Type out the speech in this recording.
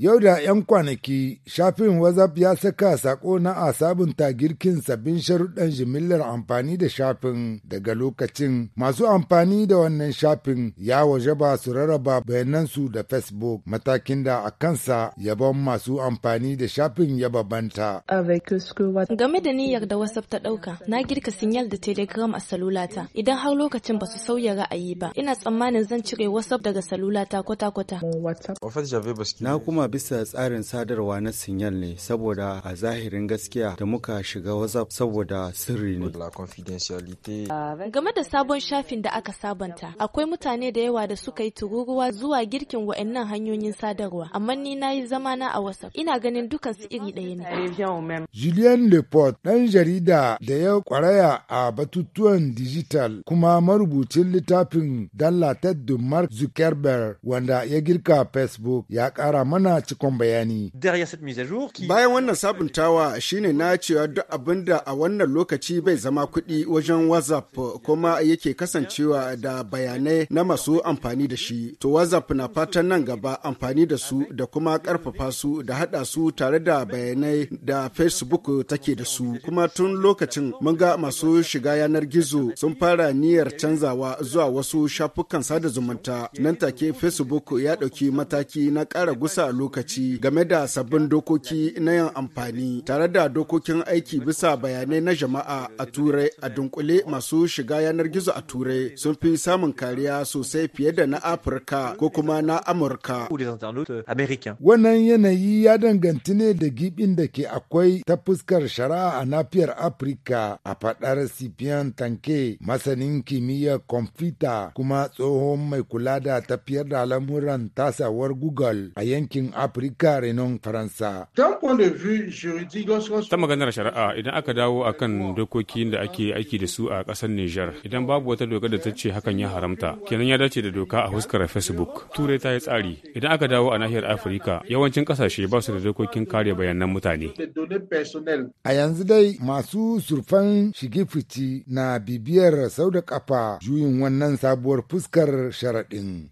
Yau da 'yan kwanaki, shafin WhatsApp ya saka sako na a sabunta girkin sabbin sharuɗan jimillar amfani da shafin daga lokacin masu amfani da wannan shafin ya waje ba su rarraba bayanansu da Facebook matakin da a kansa yabon masu amfani da shafin ya babanta. Game da niyyar da WhatsApp ta ɗauka, na girka sinyal da Telegram a salulata. Idan har lokacin ba su sauya ra'ayi ba, ina tsammanin zan cire WhatsApp daga salulata kwata-kwata. bisa tsarin sadarwa na sinyal ne saboda a zahirin gaskiya da muka shiga WhatsApp saboda sirri ne. Game da sabon shafin da aka sabanta, akwai mutane da yawa da suka yi tururuwa zuwa girkin wa'annan hanyoyin sadarwa, amma ni na yi na a WhatsApp. Ina ganin dukan su iri ɗaya ne. julian Leport, ɗan jarida da ya kwaraya a batutuwan dijital kuma marubucin littafin ted Mark Zuckerberg wanda ya girka Facebook ya ƙara mana bayani. Bayan wannan sabuntawa shine na cewa duk abin da a wannan lokaci bai zama kuɗi wajen WhatsApp kuma yake kasancewa da bayanai na masu amfani da shi. To WhatsApp na fatan nan gaba amfani da su da kuma ƙarfafa su da haɗa su tare da bayanai da Facebook take da su. Kuma tun lokacin mun ga masu shiga yanar gizo sun fara niyyar canzawa zuwa wasu shafukan sada zumunta. Nan take Facebook ya ɗauki mataki na ƙara gusa lokacin lokaci game da sabbin dokoki na yin amfani tare da dokokin aiki bisa bayanai na jama'a a turai a dunkule masu shiga yanar gizo a turai sun fi samun kariya sosai fiye da na afirka ko kuma na amurka euh, wannan yanayi ya danganci ne da gibin da ke akwai ta fuskar shari'a a nafiyar afirka a fadar cipian tanke masanin kimiyyar kwamfuta kuma tsohon mai kula da tafiyar da lamuran tasawar google a yankin Afirka renon Faransa. Ta maganar shari'a idan aka dawo a kan dokokin da ake aiki da su a ƙasar Nijar idan babu wata doka da ta ce hakan ya haramta kenan ya dace da doka a huskar Facebook. Turai ta yi tsari idan aka dawo a nahiyar Afirka yawancin ƙasashe ba su da dokokin kare bayanan mutane. A yanzu dai masu surfan shige fici na bibiyar sau da kafa juyin wannan sabuwar fuskar sharaɗin.